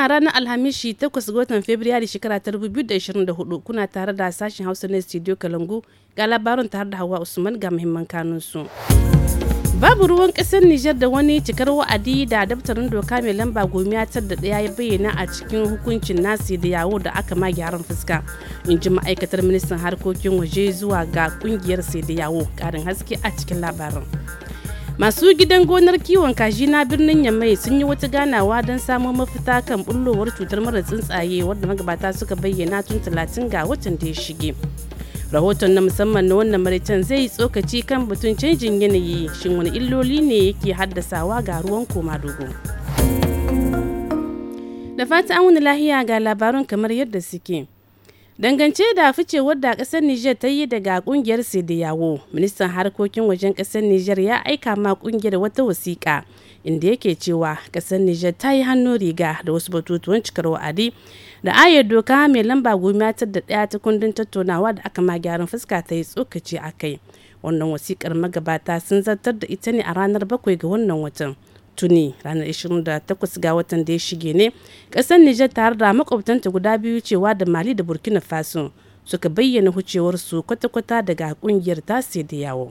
wannan ranar alhamishi 8 ga watan fabrairu shekara 2024 kuna tare da sashen hausa na studio kalangu ga labarin tare da hawa usman ga muhimman kanunsu babu ruwan kasar nijar da wani cikar wa'adi da daftarin doka mai lamba gomiya tar da ɗaya ya bayyana a cikin hukuncin nasi da yawo da aka ma gyaran fuska in ji ma'aikatar ministan harkokin waje zuwa ga kungiyar sai da yawo ƙarin haske a cikin labarin masu gidan gonar kiwon kaji na birnin yamai sun yi wata ganawa don samo mafita kan bullowar cutar mara tsuntsaye wadda magabata suka bayyana tun talatin ga watan da ya shige rahoton na musamman na wannan maritan zai tsokaci kan batun canjin yanayi shin wani illoli ne yake haddasawa ga ruwan koma dogo da fata an wani lahiya ga labarun kamar yadda suke dangance da ficewar wadda kasar Niger ta yi daga kungiyar yawo ministan harkokin wajen kasar Niger ya aika ma kungiyar wata wasiƙa inda yake cewa kasar Niger ta yi hannu riga da wasu batutuwan cikar wa'adi da ayar doka mai lamba goma da ɗaya ta kundin tattaunawa da aka ma gyaran fuska ta yi tsokaci a kai wannan wasiƙar magabata sun zartar da ita ne a ranar bakwai ga wannan watan. tuni ranar 28 ga watan da ya shige ne ƙasar nijar tare da makwabtanta guda biyu cewa da mali da burkina faso suka bayyana hucewarsu kwata-kwata daga kungiyar tasi da yawo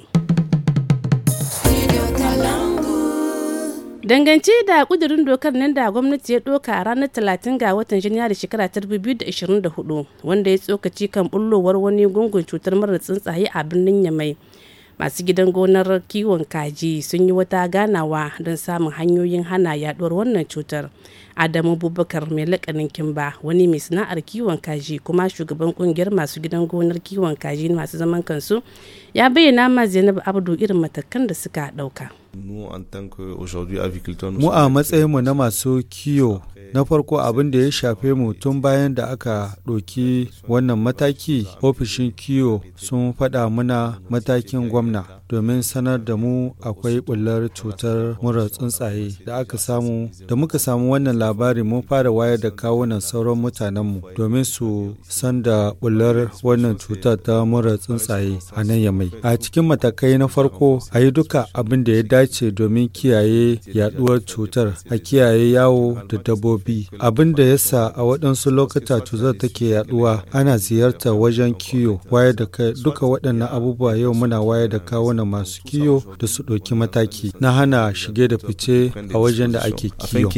dangance da kudirin dokar nan da gwamnati ya doka a ranar 30 ga watan janairu shekara 2024 wanda ya tsokaci kan bullowar wani gungun cutar marar tsuntsaye a birnin yamai masu gidan gonar kiwon kaji sun yi wata ganawa don samun hanyoyin hana yaduwar wannan cutar adamu bubakar mai lakanin kimba wani mai sana'ar kiwon kaji kuma shugaban kungiyar masu gidan gonar kiwon kaji masu zaman kansu ya bayyana ma zainab abdu irin matakan da suka dauka mu a matsayin mu na masu kiyo na farko abin da ya shafe mu tun bayan da aka ɗauki wannan mataki ofishin kiyo sun faɗa muna matakin gwamna domin sanar da mu akwai bullar cutar mura tsuntsaye da aka samu da muka samu wannan labari mun fara wayar da kawunan sauran mutanenmu domin su san da bullar wannan cutar ta mura tsuntsaye a nan ya mai. a cikin matakai na farko a yi duka abin da ya dace domin kiyaye yaduwar cutar a kiyaye yawo da dabbobi dabbobi abin da yasa a waɗansu lokuta cutar take yaduwa ana ziyarta wajen kiyo wayar da kai duka waɗannan abubuwa yau muna wayar da kawuna masu kiyo da su ɗauki mataki na hana shige da fice a wajen da ake kiyo.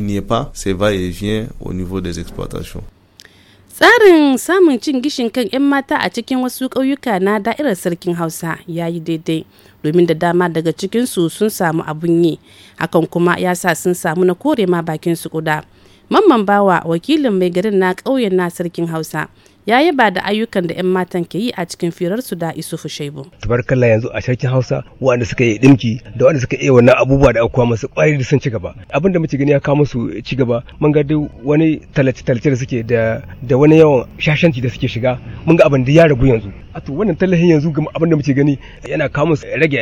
Tsarin samun cin gishin kan 'yan mata a cikin wasu ƙauyuka na da'irar sarkin Hausa ya yi daidai domin da dama daga cikinsu sun samu abun yi, hakan kuma ya sa sun samu na kore ma bakin su kuda. Mamman bawa wakilin mai garin na ƙauyen na sarkin Hausa. ya yi ba da ayyukan da 'yan matan ke yi a cikin firarsu da isufu shaibu. tabarkalla yanzu a sarkin hausa wanda suka yi ɗinki da wanda suka yi wannan abubuwa da aka masu kwari da sun ci gaba abinda muke gani ya kawo musu ci gaba mun ga wani talace talace da suke da da wani yawan shashanci da suke shiga mun ga abin da ya ragu yanzu a to wannan tallafin yanzu ga abinda muke gani yana kawo musu rage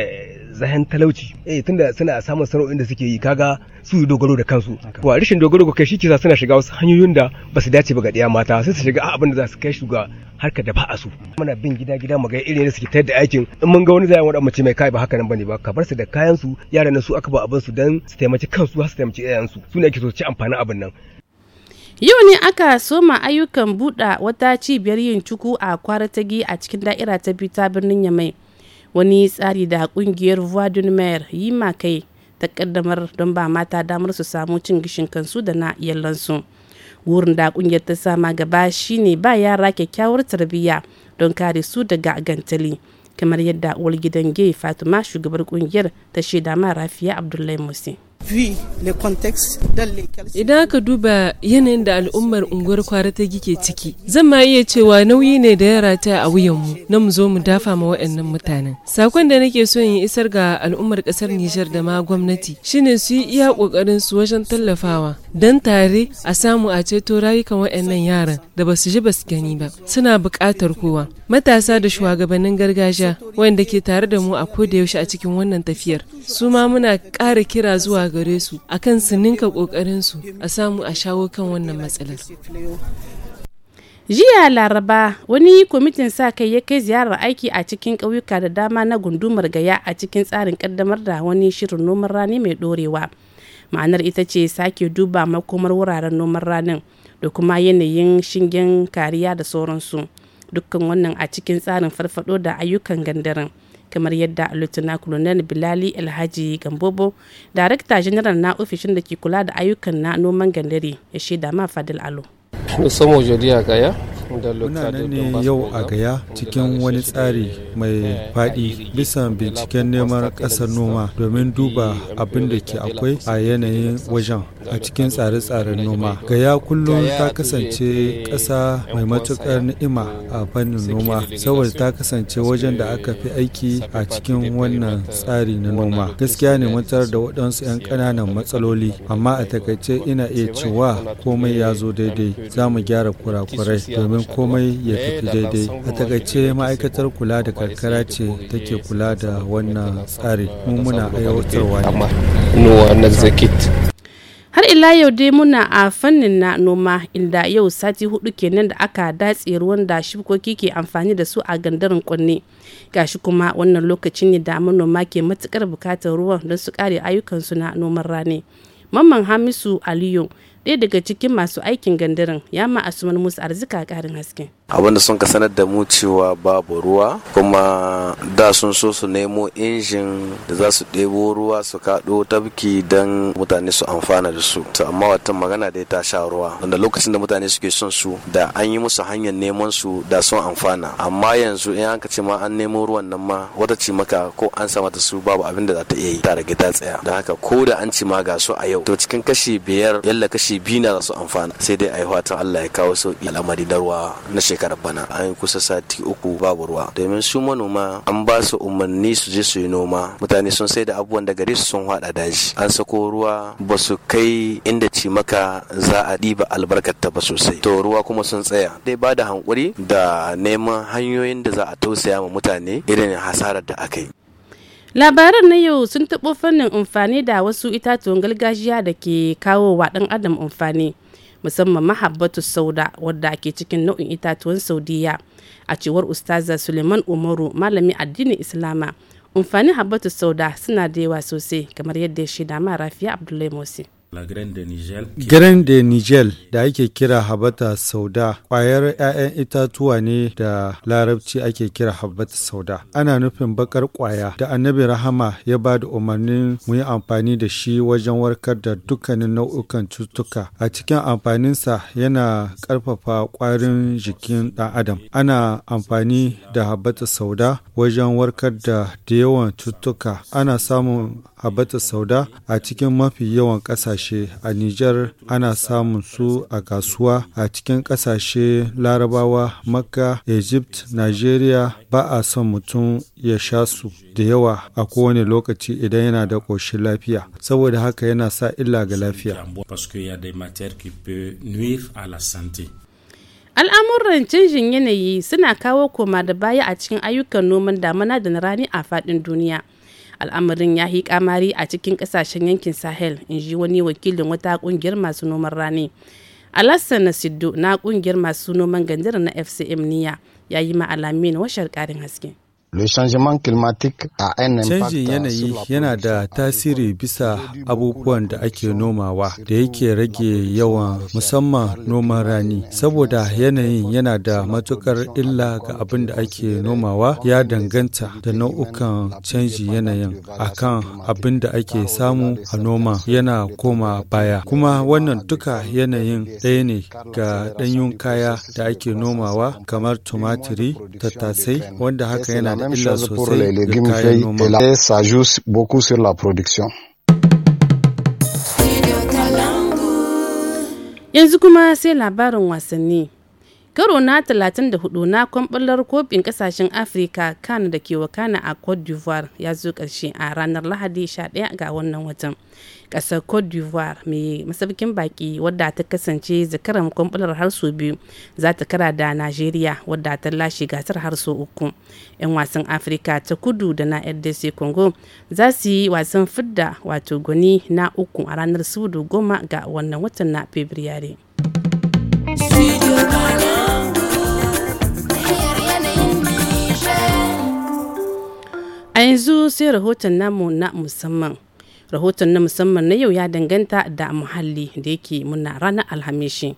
zahen talauci eh tunda suna samun sana'o'in da suke yi kaga su dogaro da kansu wa rashin dogaro ga kai shi kisa suna shiga wasu hanyoyin da ba su dace ba ga ɗaya mata sai su shiga abin da za su kai su ga harka da ba a su muna bin gida gida mu ga irin da suke tayar da aikin in mun ga wani zai wani mace mai kai ba haka nan bane ba ka bar su da kayan su yaran su aka ba abin su dan su taimaki kansu har su taimaki iyayen su su ne ake so ci amfanin abin nan Yau ne aka soma ayyukan buɗa wata cibiyar yin cuku a kwaratagi a cikin da'ira ta biyu ta birnin Yamai. wani tsari da kungiyar voix mayor yi ma kai ta kaddamar don ba mata damar su samu cin gishin kansu da na iyalansu wurin da kungiyar ta sama gaba shine ba yara kyakkyawar tarbiyya don kare su daga gantali kamar yadda uwar gidan gay fatima shugabar kungiyar ta shaida ma rafiya abdullahi musin Idan aka duba yanayin da al'ummar unguwar kwara ta gike ciki, zan ma iya cewa nauyi ne da ya rata a wuyanmu na mu zo mu dafa ma waɗannan mutanen. Sakon da nake so in isar ga al'ummar ƙasar Nijar da ma gwamnati shine su yi iya ƙoƙarin su wajen tallafawa don tare a samu a ceto rayukan waɗannan yaran da ba su ji ba su gani ba. Suna buƙatar kowa. Matasa da shugabannin gargajiya wanda ke tare da mu a koda yaushe a cikin wannan tafiyar. Su ma muna ƙara kira zuwa gare su akan su ninka su a samu a shawo kan wannan matsalar. jiya laraba wani kwamitin sa kai ya kai ziyarar aiki a cikin ƙauyuka da dama na gundumar gaya a cikin tsarin kaddamar da wani shirin noman rani mai dorewa ma'anar ita ce sake duba makomar wuraren noman ranin da kuma yanayin shingen kariya da sauransu dukkan wannan a cikin tsarin farfado da ayyukan gandarin kamar yadda lutuna colonel bilali alhaji gambobo darakta general na ofishin da ke kula da ayyukan na noman gandare ya shaida ma fadil alo muna nan ne yau a gaya cikin wani tsari mai faɗi bisa binciken neman ƙasar noma domin duba abin da ke akwai a yanayin wajen a cikin tsare-tsaren noma gaya kullum ta kasance ƙasa mai matuƙar ni'ima a fannin noma saboda ta kasance wajen da aka fi aiki a cikin wannan tsari na noma gaskiya ne mutar da waɗansu 'yan ƙananan matsaloli amma a takaice ina iya cewa komai ya zo daidai za mu gyara kurakurai domin domin komai ya tafi eh, daidai a takaice ma'aikatar kula da karkara ce take kula da wannan tsari mu muna aiwatarwa ne har ila yau dai muna a fannin na noma inda yau sati hudu kenan da aka datse ruwan da shukoki ke amfani da su a gandarin kunne gashi kuma wannan lokacin ne da manoma ke matukar bukatar ruwan don su kare ayyukansu na noman rani mamman hamisu aliyu ɗaya daga cikin masu aikin gandarin ya ma asuman musu arzika ƙarin hasken abinda sun ka sanar da mu cewa babu ruwa kuma da sun so su nemo injin da za su ɗebo ruwa su kaɗo tabki don mutane su amfana da su to amma wata magana da ta sha ruwa wanda lokacin da mutane suke son su da an yi musu hanyar neman su da sun amfana amma yanzu in an ka ce ma an nemo ruwan nan ma wata ce maka ko an sa mata su babu abin da za ta iya yi ta rage ta tsaya da haka ko da an ce ma ga su a yau to cikin kashi biyar yalla kashi biyu na za su amfana sai dai a yi fatan Allah ya kawo sauki al'amari da ruwa na shekara shekarar bana an yi kusa sati uku babu ruwa domin su manoma an ba su umarni su je su yi noma mutane sun sai da abubuwan da gare su sun hada daji an sako ruwa ba su kai inda cimaka za a ɗiba albarkata ba sosai to ruwa kuma sun tsaya dai ba da hankuri da neman hanyoyin da za a tausaya ma mutane irin hasarar da aka yi labaran na yau sun taɓo fannin amfani da wasu itatuwan gargajiya da ke kawo wa ɗan adam amfani musamman mahabbatu sauda wadda ke cikin nau'in itatuwan saudiya a cewar ustaza suleiman umaru malami addinin islama amfanin habbatu sauda suna da yawa sosai kamar yadda ya shaida ma rafiya abdullahi musi Grain de Nigel da ake kira habata sauda ƙwayar 'ya'yan itatuwa ne da larabci ake kira habata sauda. Ana nufin bakar ƙwaya da annabi rahama ya ba da umarnin mu yi amfani da shi wajen warkar da dukkanin nau'ukan cututtuka. A cikin amfaninsa yana ƙarfafa ƙwarin jikin ɗan adam. Ana amfani da habata sauda wajen warkar da da yawan cututtuka. Ana samun habata sauda a cikin mafi yawan ƙasashe. kasashe a Nijar ana samun su a kasuwa a cikin kasashe Larabawa, Makka, Egypt, Nigeria ba a son mutum ya sha su da yawa a kowane lokaci idan yana da ƙoshin lafiya. Saboda haka yana sa illa ga lafiya. Al'amuran canjin yanayi suna kawo koma da baya a cikin ayyukan noman damana da na rani a faɗin duniya. al'amarin ya yi kamari a cikin kasashen yankin sahel in ji wani wakilin wata kungiyar masu noman rani alassan siddu na kungiyar masu noman gandira na fcm niya ya yi ma na washar karin haske a Canjin yanayi yana da tasiri bisa abubuwan da ake nomawa da yake rage yawan musamman noman rani. Saboda yanayin yana da matukar illa ga abin da ake nomawa ya danganta da nau'ukan canji yanayin akan abin da ake samu a noma yana koma baya. Kuma wannan duka yanayin ɗaya ne ga ɗanyun kaya da ake nomawa kamar tumatiri, tattasai, wanda haka yana même chose pour les légumes, feuilles et la ça joue beaucoup sur la production. Yanzu kuma sai labarin wasanni. karo na 34 na kwamɓalar kofin kasashen afirka kan da ke wakana a cote d'ivoire ya zo ƙarshe a ranar lahadi 11 ga wannan watan ƙasar cote d'ivoire mai masaukin baki wadda ta kasance zakaran kwamɓalar har sau biyu za ta kara da nigeria wadda ta lashe gasar har uku 'yan wasan afirka ta kudu da na rdc congo za su yi wasan fidda wato gwani na uku a ranar sudu goma ga wannan watan na fabrairu. A yanzu sai rahoton namu na musamman. rahoton na musamman na yau ya danganta da muhalli da yake muna ranar alhamishi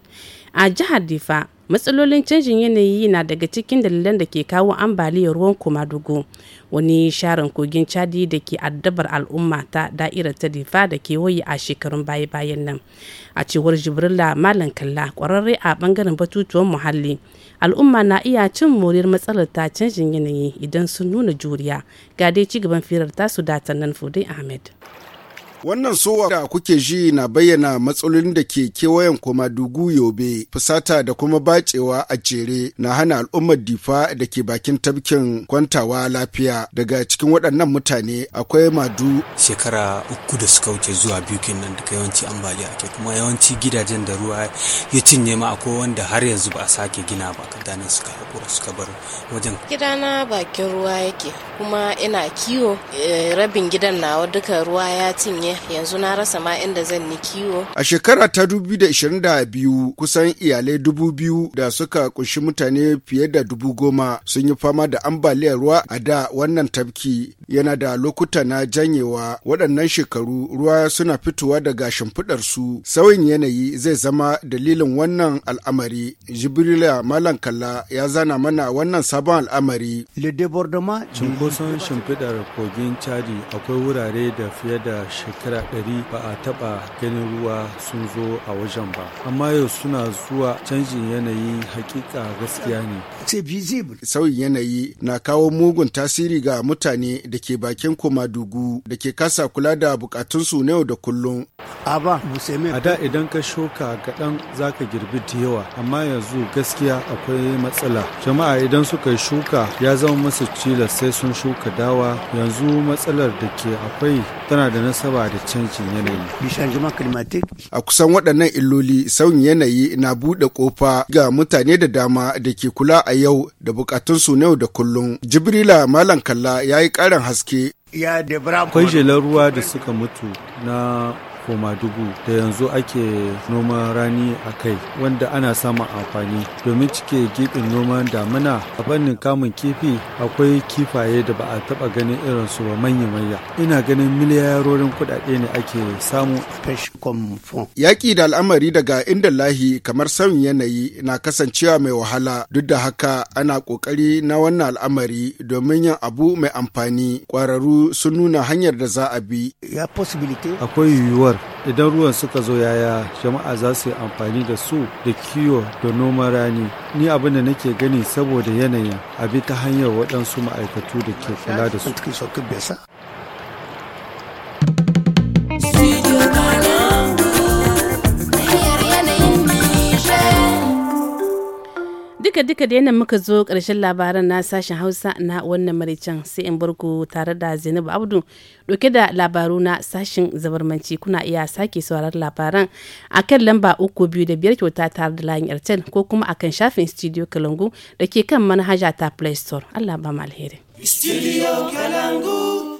a jihar difa matsalolin canjin yanayi na daga cikin dalilan da ke kawo ambaliyar ruwan kumadugu wani sharan kogin chadi da ke addabar al'umma ta da'irar ta difa da kewaye a shekarun baya bayan nan a cewar jibrila malam kalla kwararre a bangaren batutuwan muhalli al'umma na iya cin moriyar matsalar ta canjin yanayi idan sun nuna juriya ga dai cigaban firar tasu da tannan fudai ahmed Wannan sowa da kuke ji na bayyana matsalolin da ke kewayen kuma dugu yobe fusata da kuma bacewa a jere na hana al'ummar difa da ke bakin tafkin kwantawa lafiya daga cikin waɗannan mutane akwai madu. Shekara uku da suka wuce zuwa biyu kenan daga yawanci ambaliya ake kuma yawanci gidajen da ruwa ya cinye ma akwai wanda har yanzu ba a sake gina ba kadanin suka haƙura suka bar wajen. Gidana bakin ruwa yake kuma ina kiwo eh, rabin gidan nawa duka ruwa ya cinye yanzu na rasa ma inda zan ni kiwo. A shekara ta biyu kusan iyalai dubu biyu da suka kunshi mutane fiye da dubu goma sun yi fama da ambaliyar ruwa a da wannan tafki yana da lokuta na janyewa waɗannan shekaru ruwa suna fitowa daga shimfiɗar su sauyin yanayi zai zama dalilin wannan al'amari jibrila malam kalla ya zana mana wannan sabon al'amari. Cunkoson shimfiɗar kogin Chadi akwai wurare da fiye da shekaru shekara ɗari ba a taɓa ganin ruwa sun zo a wajen ba amma yau suna zuwa canjin yanayi hakika gaskiya ne sauyin yanayi na kawo mugun tasiri ga mutane da ke bakin komadugu da ke kasa kula da bukatunsu na yau da kullum a da idan ka shoka kaɗan za ka girbi da yawa amma yanzu gaskiya akwai matsala jama'a idan suka shuka ya zama masu cila sai sun shuka dawa yanzu matsalar da ke akwai tana da nasaba da canjin yanayi. A kusan waɗannan illoli sauyin yanayi na buɗe ƙofa ga mutane da dama da ke kula a yau da buƙatunsu na yau da kullum. Jibrila Malam Kalla ya yi ƙarin haske. Akwai jelar ruwa da suka mutu na koma dubu da yanzu ake noman rani a kai wanda ana samun amfani domin cike gibin noman damuna a fannin kamun kifi akwai kifaye da ba a taba ganin irin su ba manya manya ina ganin miliyarorin kudade ne ake samu yaki da al'amari daga inda lahi kamar sauyin yanayi na kasancewa mai wahala duk da haka ana kokari na wannan al'amari domin yin abu mai amfani kwararru sun nuna hanyar da za a bi akwai yiwuwar idan ruwan suka zo yaya jama'a za su yi amfani da su da kiwo da noman rani ni abin da nake gani saboda yanayin abi ta hanyar waɗansu ma'aikatu da ke kula da su duka duka da yadda muka zo ƙarshen labaran na sashen hausa na wannan maraicen sai in burku tare da zainabu abdu ɗauke da labaru na sashen zabarmanci kuna iya sake sauraron labaran a kan lamba uku biyu da biyar kyauta tare da layin airtel ko kuma a kan shafin studio kalangu da ke kan manhaja ta play store allah ba alheri. studio kalangu